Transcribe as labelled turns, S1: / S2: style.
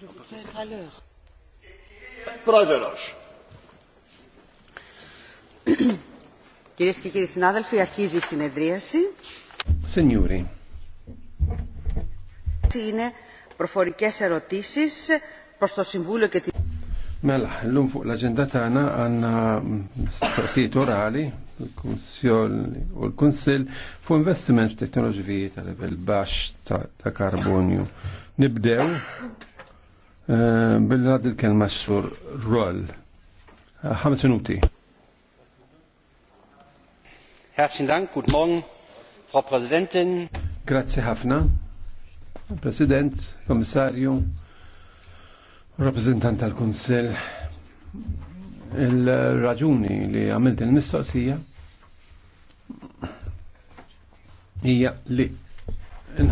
S1: Je voudrais être à l'heure.
S2: Κυρίες και κύριοι συνάδελφοι, αρχίζει η συνεδρίαση.
S3: Signori.
S2: Tine, proforikes erotisis, posto simvulio che ti...
S4: Mela, l-lum fuq l-agenda tagħna għandna staqsijiet orali u l-Kunsill fuq investiment f'teknoloġiji ta' level baxx ta' karbonju. Nibdew bil-għad il-kelma xur roll. Ħames minuti.
S5: Herzlichen Dank, guten Morgen. Frau Präsidentin.
S4: Grazie ħafna. President, Kommissarju, Rappresentant tal Consell. Il-raġuni li għamilt il-mistoqsija hija li